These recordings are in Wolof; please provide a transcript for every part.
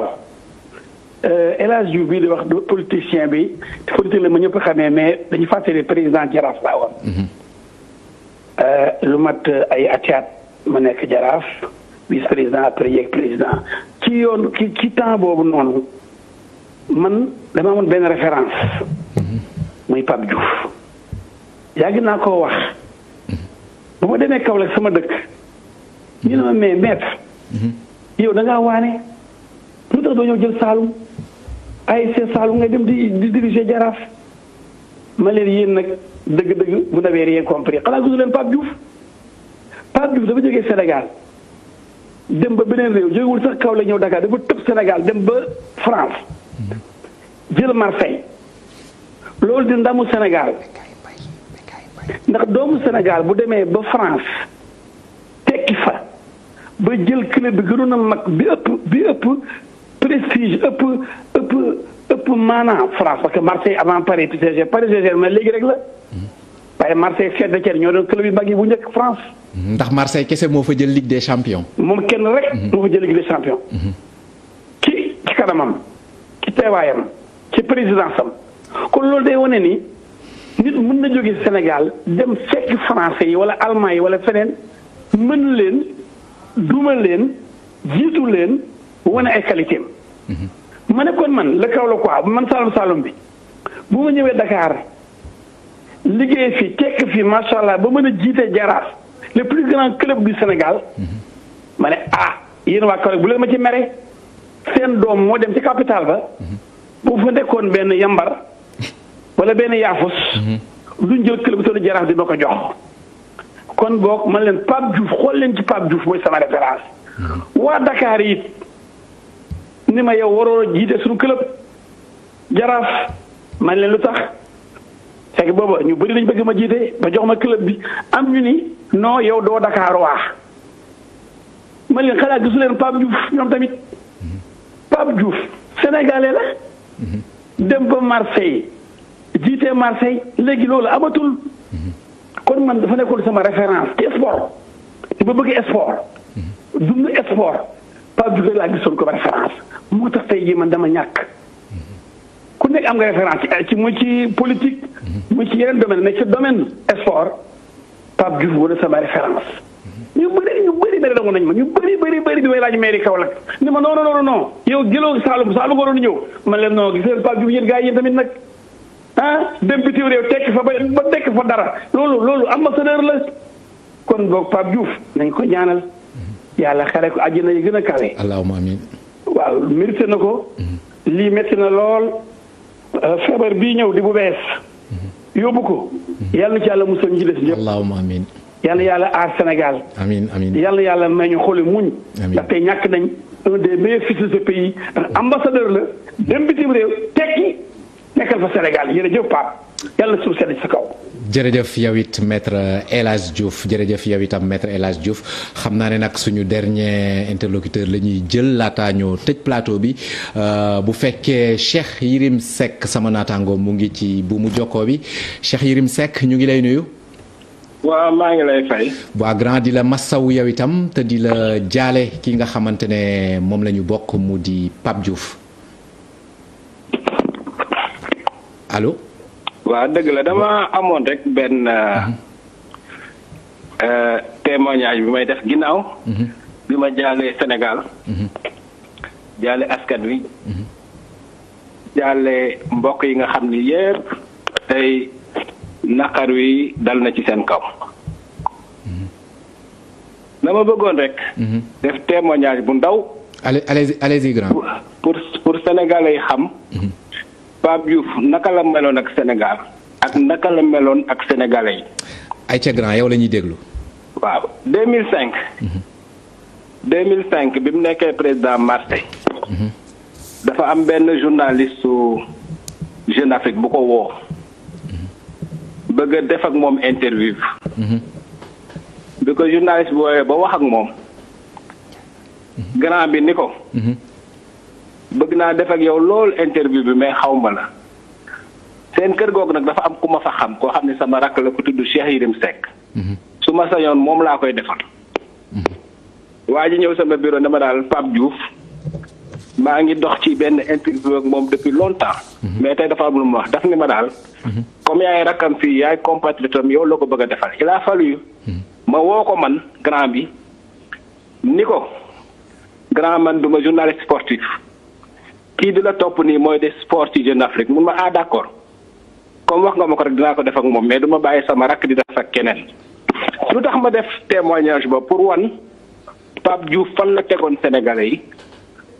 waaw euh, El Hadj bii di wax politicien bi politique la ma ñëpp xamee mais dañu fàttali président jaraaf laa woon mhm. euh, lu mat euh, ay atiat ma nekk jaraaf vice président après yeeg président ci yoon ci ci temps boobu noonu man dama amoon benn référence mhm. muy Pape Diouf yàgg naa ko wax mhm. bu ma demee Kaolack sama dëkk ñu ne mais maître yow da waane lu tax doo ñëw jël Saalum ASC Saalum ngay dem di di diriger Jaraaf ma leen yéen nag dëgg-dëgg bu nawet rien compris xanaa gisu leen Pape Diouf Pape Diouf dafa jógee Sénégal dem ba beneen réew jógewul sax kaw la ñëw Dakar dafa tëb Sénégal dem ba France jël Marseille loolu di ndamu Sénégal ndax doomu Sénégal bu demee ba France tekki fa ba jël club bi gënoon mag bi ëpp bi ëpp prestige ëpp ëpp ëpp maanaam France parce que Marseille avant Paris puis PSG Paris mais léegi rek la. waaye Marseille ak saint ñoo doon club yu mag yi bu njëkk France. ndax Marseille kese moo fa jël Ligue des champions. moom kenn rek. Mhm. moo fa jël Ligue des champions. Mhm. ci ci kanamam ci teewaayam ci présidence am kon loolu day wone ni nit mun na jóge Sénégal dem fekk français yi wala allemand yi wala feneen mën leen duma leen jiitu leen wane ay qualité Mm-hmm. ma nekkoon man la kaw la quoi man Saloum Saloum bi bu ma ñëwee Dakar liggéey fi tekk fi macha allah ba mën a jiite Jaraaf le plus grand club du Sénégal mm-hmm. ma ne ah yéen waa Kaolack bu leen ma ci mere seen doom moo dem ci capital ba mm-hmm. bu fa nekkoon benn yambar wala benn yaafus duñ jël club bi seen di ma ko jox kon boog man leen Pape Diouf xool leen ci Pape Diouf mooy sama référence waa Dakar it ni ma yow waroo jiite suñu club jaraaf man leen lu tax fekk booba ñu bëri dañ bëgg ma jiite ba jox ma club bi am ñu ni non yow doo Dakar waa man leen xalaat gisu leen Pape ñoom tamit Pape juuf sénégalais la dem ba Marseille jiite Marseille léegi loolu amatul kon man dafa nekkoon sama référence ci sport te ba bëgg sport dund sport Pape Diouf laa gisoon comme référence moo tax tey jii man dama ñàkk ku nekk am nga référence ci mu ci politique mu ci yeneen domaine mais ci domaine sport Pape Diouf wala sama référence ñu bëri ñu bëri bëri dango nañu ma ñu bëri bëri bëri bi may laaj mairie Kaolack ni ma non non non yow jëloo Saloum Saloum waroon ñëw man leen non gis ngeen Pape Diouf yéen gars yi yéen tamit nag ah dem bitim réew tekki fa ba ba tekki fa dara loolu loolu ambassadeur la kon boog Pape Diouf nañ ko ñaanal yàlla xare ko àjjana yi gën a kawe. allahumma amiin. waaw mérité na ko. lii métti na lool. Euh, feebar bi ñëw di bu bees. yóbbu ko. yàlla ci yàlla musal ñu ci des ñëpp. allahumma amiin. yàlla yàlla aar Sénégal. amiin amiin yàlla yàlla may ñu xoole muñ. ndaxte ñàkk nañ. un des meilleurs fils de ce ambassadeur la. dem bitim réew tekki. nekkal fa Sénégal jërëjëf Pape yàlla suuf sedd sa kaw. jërëjëf yow it maître El Hadj Diouf jërëjëf yow itam maître El Hadj xam naa ne nag suñu dernier interlocuteur la ñuy jël laataa ñoo tëj plateau bi euh, bu fekkee Cheikh Yirim Seck sama naataango mu ngi ci bu mu jokkoo bi Cheikh Yirim Seck ñu ngi lay nuyu. waaw maa ngi lay fay. waa grand di la massaw yow itam te di la jaale ki nga xamante ne moom lañu ñu bokk mu di Pape jouf allo. waaw dëgg la dama amoon rek benn euh, mhm. euh, témoignage bi may def ginnaaw. Mhm. bi ma jaalee Sénégal. Mhm. jaale askan wi. jaale mbokk yi nga xam ni yëpp tey naqar wi dal na ci seen kaw. dama bëggoon rek. def témoignage bu ndaw. allez allez grand. pour pour xam. Pape Diouf naka la meloon ak Sénégal ak naka la meloon ak sénégalais yi. ay ca yow la ñuy déglu. waaw mille cinq mille cinq bi mu nekkee président Marseille. dafa am benn journaliste su Jeune Afrique bu ko woo. bëgg a def ak moom interview. bi ko journaliste booyee ba wax ak moom. grand bi ni ko. bëgg naa def ak yow loolu interview bi mais xaw ma la seen kër googu nag dafa am ku ma fa xam koo xam ne sama rakk la ku tudd Cheikh Yérim Seck. Mhm. su ma sañoon moom laa koy defal. Mhm. waa ji ñëw sama bureau dama daal Pape Diouf maa ngi dox ci benn interview ak moom depuis longtemps. Mhm. mais tey dafa am lu mu wax daf ni ma daal. comme yaay rakkam fii yaay compatriote am yow la ko bëgg a defal il fal fallu ma woo ko man grand bi ni ko grand man duma ma journaliste kii di la topp nii mooy de sports ci Jeune Afrique mun ma ah comme wax nga ma ko rek dinaa ko def moom mais du ma bàyyi sama rakk di def ak keneen. lu tax ma def témoignage ba pour wan Pape Diouf fan la tegoon Sénégalais yi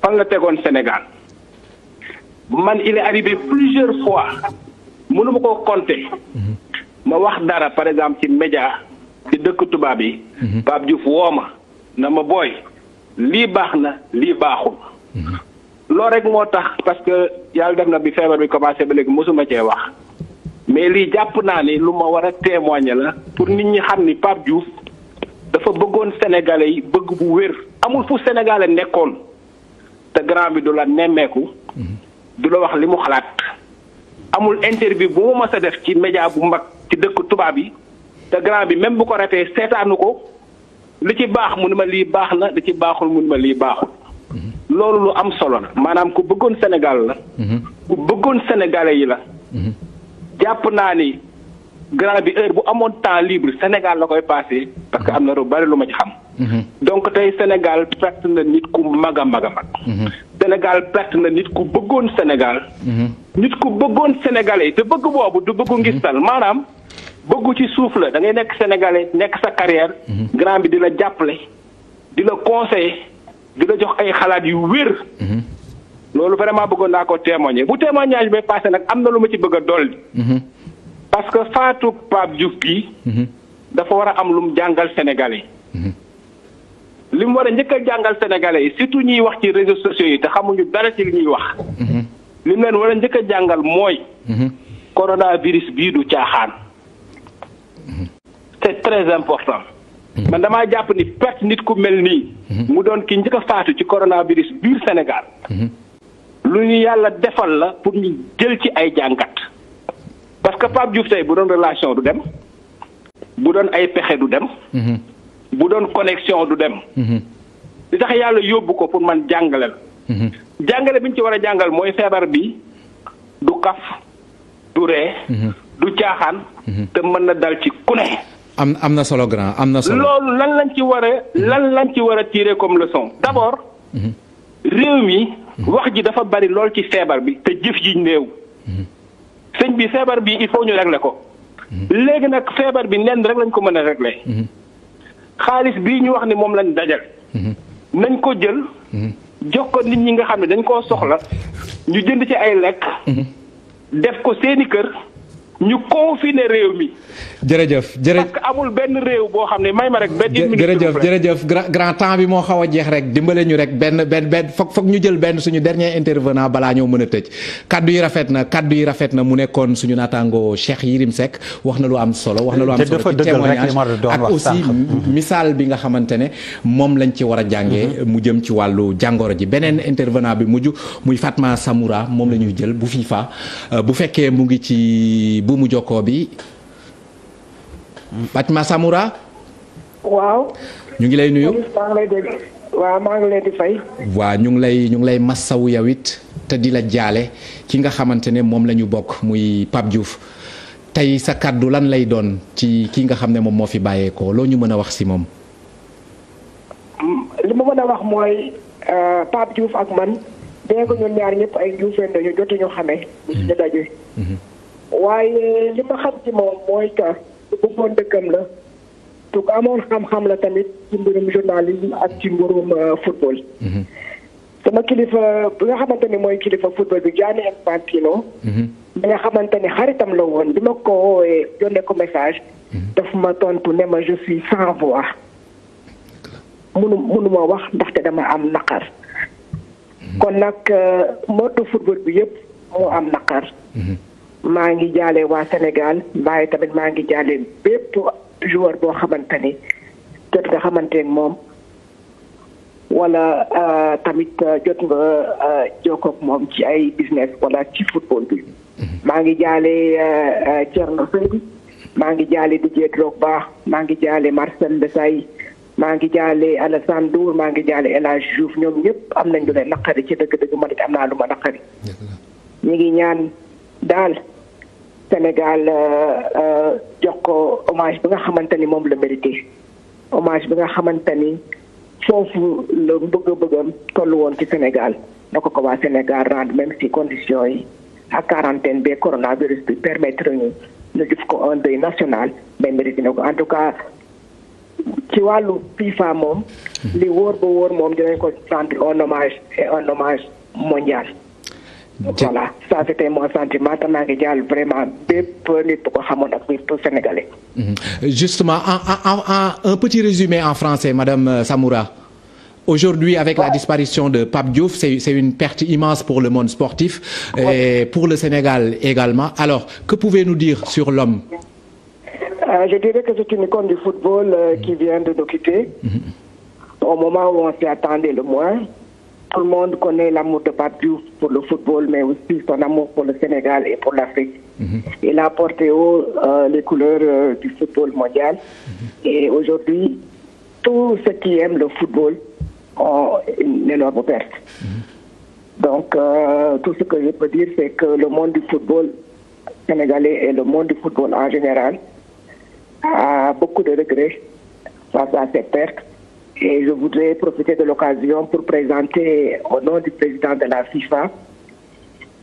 fan la tegoon Sénégal man il est arrivé plusieurs fois mënu ma ko compter. Mhm. ma wax dara par exemple ci média di dëkk tubaab yi. Mhm. Pape Diouf woo ma na ma booy lii baax na lii baaxul. Mhm. loolu rek moo tax parce que yàlla def na bi feebar bi commencé ba léegi mosuma cee wax mais lii jàpp naa ni lu ma war a témoigner la pour nit ñi xam ni Pape Diouf dafa bëggoon sénégalais yi bëgg bu wér amul fu sénégalais nekkoon te grand bi du la nemmeeku du la wax li mu xalaat amul interview bu mu mës a def ci média bu mag ci dëkk tubaab yi te grand bi même bu ko ratee seetaanu ko li ci baax mu ni ma lii baax na li ci baaxul mu ni ma lii baaxul loolu lu am solo la maanaam ku bëggoon Sénégal la. Mhm. ku bëggoon sénégalais yi la. Mhm. jàpp naa ni grand bi heure bu amoon temps libre Sénégal la koy passé parce que mhm. am na lu bari lu ma ci xam. donc tey Sénégal perte na nit ku mag a mag a mag. Sénégal perte na nit ku bëggoon Sénégal. nit ku bëggoon sénégalais te bëgg boobu du bëggu ngistal maanaam bëggu ci suuf la da ngay nekk sénégalais nekk sa carrière. grand bi di la jàppale di la conseiller. di la jox ay xalaat yu wér. Mhm. loolu vraiment bëggoon naa ko témoigner bu témoignage bay passé nag am na lu ma ci bëgg a dolli. Mhm. parce que faatu Pape Diouf bi mhm. dafa war a am lu mu jàngal sénégalais yi. li mu war a njëkk a jàngal sénégalais yi surtout ñuy wax ci réseaux sociaux yi te xamuñu dara ci ñuy wax. li leen war a njëkk jàngal mooy. coronavirus bii du caaxaan. c'est très important. man dama jàpp ni perte nit ku mel nii. Mhm. mu doon ki njëkk faatu ci coronavirus biir Sénégal. Mhm. lu ñu yàlla defal la pour ñu jël ci ay jàngat. parce que Pape Diouf tey bu doon relation du dem. bu doon ay pexe du dem. Mhm. bu doon connexion du dem. li tax yàlla yóbbu ko pour man jàngaleel jàngale bi ñu ci war a jàngal mooy feebar bi du kaf du ree. du caaxaan. te mën na dal ci ku ne. am am na solo grand am na solo. loolu lan lañ ci waree lan lañ ci war a tirer comme leçon d'abord. réew mi. wax ji dafa bari lool ci feebar bi te jëf yi néew. sëñ bi feebar bi il faut ñu regle ko. léegi nag feebar bi nen rek lañ ko mën a régler. xaalis bii ñu wax ni moom lañ dajal. nañ ko jël. jox ko nit ñi nga xam ne dañ koo soxla. ñu jënd ci ay lekk. def ko seeni kër. ñu confiner réew mi. jërëjëf jërëjëf amul benn réew boo xam ne ma rek. benn jërëjëf jërëjëf grand temps bi moo xaw a jeex rek dimbale ñu rek benn benn benn foog foog ñu jël benn suñu dernier intervenant balaa ñoo mën a tëj. kaddu yi rafet na kaddu yi rafet na mu nekkoon suñu naataango Cheikh Yirim Seck wax na lu am solo. wax na lu am solo ci témoignage ak aussi misaal bi nga xamante ne moom lañ ci war a jàngee. Mhm. mu jëm ci wàllu jàngoro ji beneen intervenant bi mujj muy Fatma samura moom la ñuy jël bu FIFA euh, bu fekkee mu ngi ci buumu jokkoo bi Fatma Samoura. waaw. ñu ngi lay nuyu. maa ngi lay maa ngi leen di fay. waaw ñu ngi lay ñu ngi massawu yow it te di la jaale ki nga xamante ne moom lañu bokk muy Pape Diouf tey sa kàddu lan lay doon ci ki nga xam ne moom moo fi bàyyeekoo loo ñu mën a wax si moom. Mm, li ma mën a wax mooy euh, Pape Diouf ak man dégg ñun ñaar ñëpp ay Diouféen dañu jotuñu mm-hmm. ñu daje. Mm-hmm. waaye li ma xam ci moom mooy que ku bëggoon dëkkam la te ku amoon xam-xam la tamit ci mbirum journalisme ak ci mbirum euh, football. Mhm. sama kilifa bi nga xamante ni mooy kilifa football bi Gianni Infantino. Mhm. bi nga xamante ni xaritam la woon bi ma ko woowee yónnee ko message. Mhm. daf ma tontu ne ma je suis sans voix. munu munuma wax ndaxte dama am naqar. kon nag euh, motu football bi yëpp moo am naqar. maa ngi jaale waa Sénégal waaye tamit maa ngi jaale bépp joueur boo xamante ni jot nga xamante ne moom wala euh, tamit euh, jot nga euh, jokkoog moom ci ay business wala ci football bi. maa ngi jaale Thierno Seydi maa ngi jaale Didier Drogba maa ngi jaale Marcel Desailly maa ngi jaale Alassane Ndour maa ngi jaale élage Hadj ñoom ñëpp am nañ lu leen naqari ci dëgg-dëgg man am naa lu ñaan daal. Sénégal euh, euh, jox ko hommage bi nga xamante ni moom la mérité hommage bi nga xamante ni foofu la bëgg-bëggam toll woon ci Sénégal na ko ko waa Sénégal rendre même si conditions yi ak quarantaine bi coronavirus bi permettre ñu ñu def ko un deuil national mais mérité na ko en tout cas ci wàllu FIFA moom. li woor ba wóor moom dinañ ko rendre un hommage et un hommage mondial. voilà ça c'était mon sentiment te maa mhm. en français madame euh, Samoura. Aujourd'hui, avec la disparition de Pape Diouf, c'est une perte immense pour le monde sportif et pour le Sénégal également. que pouvez nous dire sur l'homme? Euh, je dirais que c'est une icône du football euh, qui vient de nous quitter. Mhm. Au moment où on s'y attendait le moins. Tout le monde connaît l'amour de Pape pour le football, mais aussi son amour pour le Sénégal et pour l'Afrique. Mhm. Il a porté haut euh, les couleurs euh, du football mondial. Mhm. Et aujourd'hui, tous ceux qui aiment le football ont une énorme perte. Mhm. Donc, euh, tout ce que je peux dire, c'est que le monde du football sénégalais et le monde du football en général a beaucoup de regrets face à ces pertes. Et je voudrais profiter de l'occasion pour présenter au nom du président de la FIFA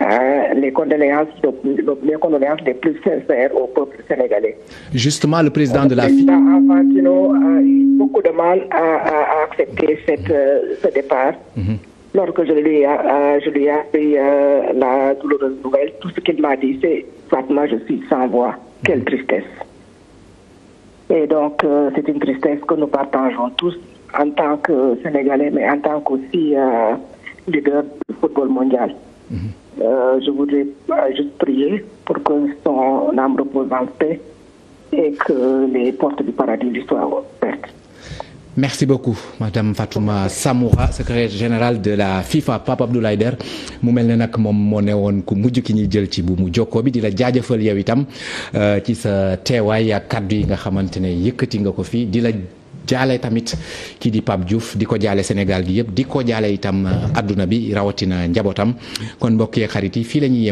euh, les condoléances, les condoléances les plus sincères au peuple sénégalais. Justement, le président de la FIFA. Le président Infantino a eu beaucoup de mal à, accepter euh, ce départ. Mhm. Lorsque euh, je lui ai, appris euh, la douloureuse nouvelle, tout ce qu'il m'a dit, c'est Fatma, je suis sans voix. Quelle mhm. tristesse. Et donc, c'est une tristesse que nous partageons tous. en tant que Sénégalais, mais en tant qu'aussi euh, leader du football mondial. Mhm. Euh, je voudrais euh, juste prier pour que son âme repose en paix et que les portes du paradis lui soient ouvertes. Merci beaucoup madame Fatouma Samoura secrétaire générale de la FIFA Pape Abdoulaye mu mel ne nag moom moo ne woon ku mujj ki ñuy jël ci bu mu jokkoo bi di la jaajëfal yow itam euh, ci sa teewaay ak kàddu yi nga xamante ne yëkkati nga ko fii di la. jaale tamit kii di Pape Diouf di ko jaale Sénégal gi yëpp di ko jaale itam euh, adduna bi rawatina njabootam kon mbokke xarit yi fii la ñuy